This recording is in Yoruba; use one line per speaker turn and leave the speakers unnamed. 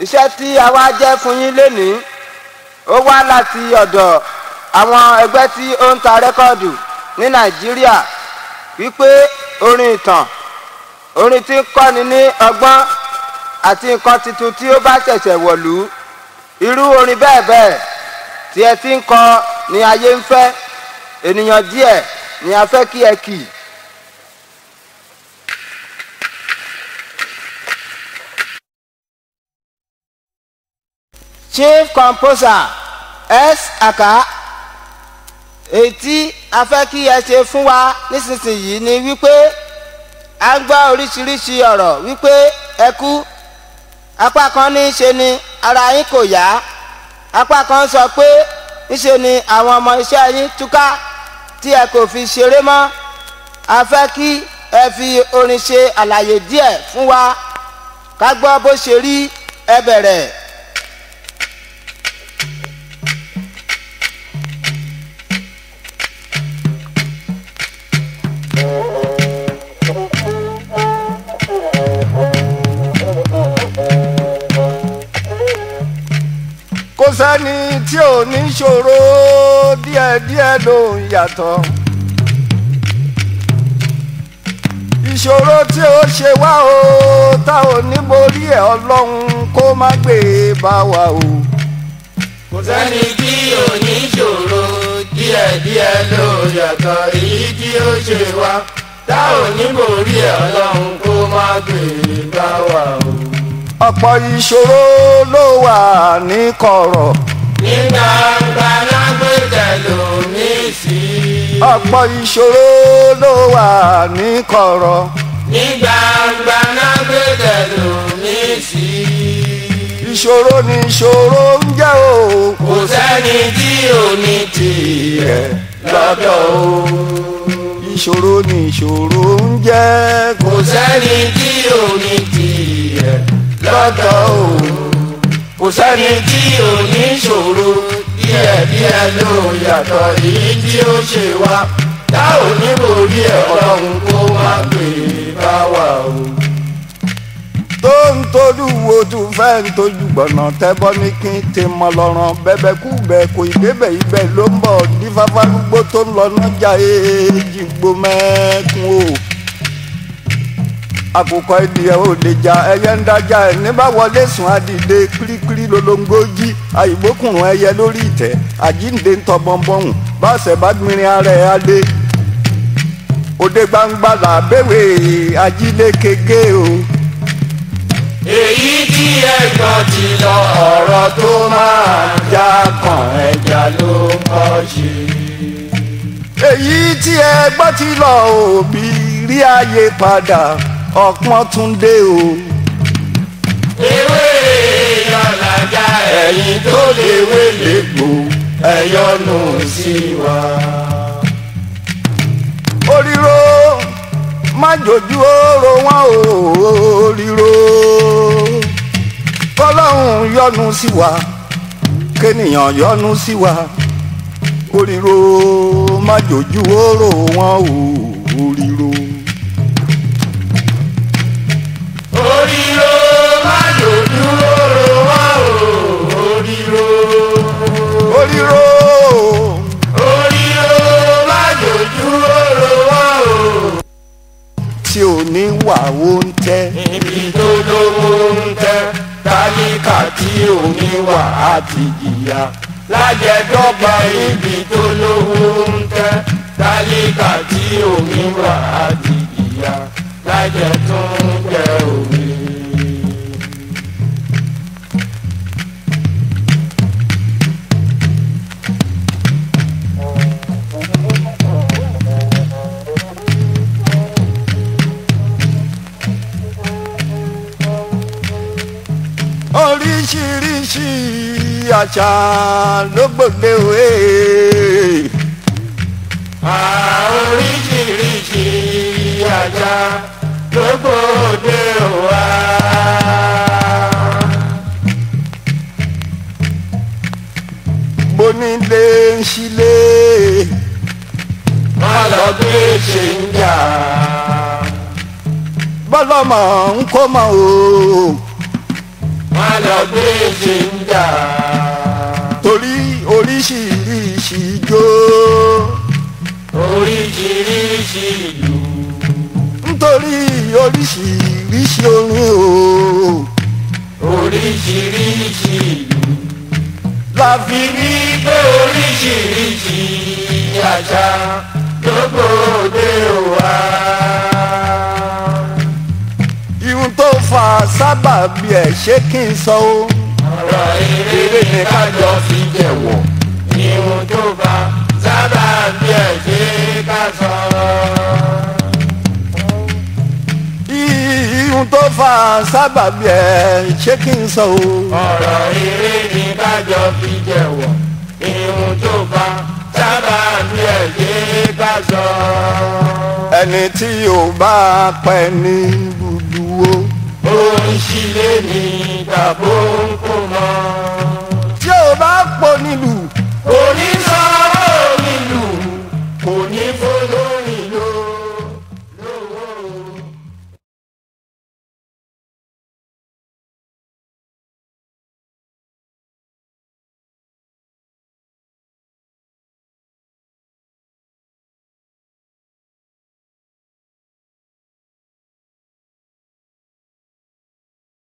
iṣẹ́ tí a wá jẹ́ fún yín lénìí ó wá láti ọ̀dọ̀ àwọn ẹgbẹ́ tí ó ń ta rẹ́kọ́ọ̀dù ní nàìjíríà wípé orin ìtàn orin tí ń kọ́ni ní ọgbọ́n àti nǹkan tuntun tí ó bá ṣẹ̀ṣẹ̀ wọ̀lú irú orin bẹ́ẹ̀ bẹ́ẹ̀ tí ẹ ti ń kọ ni ayé ń fẹ́ ènìyàn díẹ̀ ni a fẹ́ kí ẹ kì í. chief composer s aka ètí afẹ́kí ẹ ṣe fún wa nísinsìnyí ni wípé a ń gbọ́ oríṣiríṣi ọ̀rọ̀ wípé ẹ kú apá kan ní í ṣe ni ara yín kò yá apá kan sọ pé níṣe ni àwọn ọmọ iṣẹ́ yín túká tí ẹ kò fi ṣeré mọ́ a fẹ́ kí ẹ fi orin ṣe àlàyé díẹ̀ fún wa ká gbọ́ bó ṣe rí ẹ bẹ̀rẹ̀.
sẹ́ni tí ò ní ṣòro díẹ̀díẹ̀ ló ń yàtọ̀. ìṣòro tí ó ṣe wá o tá ò ní borí ẹ̀ ọlọ́run kó má gbé e bá wa o. kò sẹ́ni tí ò ní ṣòro díẹ̀díẹ̀ ló yàtọ̀ èyí tí ó ṣe wá tá ò ní borí ẹ̀ ọlọ́run kó má gbé e bá wa o ọ̀pọ̀ ìṣòro ló wà ní kọ̀rọ̀. ní gbangba lágbèjẹ lómi sí. ọ̀pọ̀ ìṣòro ló wà ní kọ̀rọ̀. ní gbangba lágbèjẹ lómi sí. ìṣòro ni ìṣòro ń jẹ́ o. kò sẹ́ni tí ò ní tirẹ̀ lọ́dọ̀ o ìṣòro ni ìṣòro ń jẹ́. kò sẹ́ni tí ò ní lọ́tọ̀ o kò sẹ́ni tí ò ní ṣòro díẹ̀díẹ̀ ló yàtọ̀ èyí tí ó ṣe wá tá ò ní borí ẹ̀ ọlọ́run kó má pè bá wà o. tó ń tolú wo tó fẹ́ ń tójú gbọ̀nà tẹ́bọ́ ní kí n ti mọ lọ́rùn bẹ́bẹ́ kú bẹ́ kò ìdébẹ̀ ibẹ̀ ló ń bọ̀ ní fáfárúgbó tó ń lọ nájà èèjì gbomẹ́kun o àkùkọ ènìyàn ò lè jà ẹyẹ ń dájà ẹ níbà wọlé sùn àdìde kirikiri lolongo jí àìgbókùnrùn ẹyẹ lórí ìtẹ́ àjíǹde ń tọ bọmbọhùn báṣẹ bá gbìnrin ara ẹ adé òde gbangba là bẹwẹ ajílẹ kéke o. èyí tí ẹ̀gbọ́n ti lọ ọ̀rọ̀ tó máa já kan ẹja ló ń kọ ṣe. èyí tí ẹ̀gbọ́n ti lọ òbí rí ààyè padà ọpọ́n tún dé o. ewé ìyọ̀làjà ẹ̀yìn tó léwé lẹ́gbò ẹ̀yọ́nù sí wa. oríro má jòjú oró wọn o oríro kọ́lọ́hún yọ́nú sí wa kénìyàn yọ́nú sí wa oríro má jòjú oró wọn o oríro. níwà ó ń tẹ́. ibi tó lówó ń tẹ́ tálíkà tí ò níwà á ti jìyà lájẹ̀dọ́gba ibi tó lówó ń tẹ́ tálíkà tí ò níwà á ti jìyà lájẹ̀ ń jẹ òní. oríṣiríṣi àṣà ló gbòde òwe. oríṣiríṣi àṣà ló gbòde òwa. bonílé ń ṣílé. má lọ gbé ṣe ń jà. bọ́lá mọ̀ ń kó mọ̀ o má lọ gbé jìnjà. torí oríṣiríṣi ijó. oríṣiríṣi ìlú. nítorí oríṣiríṣi orin o. oríṣiríṣi ìlú. la fi ní pé oríṣiríṣi àṣà ló gbòde wá. wà sábàbí ẹ̀ ṣé kí n sọ o. ọ̀rọ̀ eré ni kájọ fi jẹ̀wọ̀ ihun tó bá sábàbí ẹ̀ ṣé ká sọ. ihun tó fa sábàbí ẹ̀ ṣé kí n sọ o. ọ̀rọ̀ eré ni kájọ fi jẹ̀wọ̀ ihun tó bá sábàbí ẹ̀ ṣé ká sọ. ẹni tí yóò bá pẹ́ ní bó ń ṣílé ní ìgbà ń kó mọ́. tí o bá pọ̀ nílùú. onílù.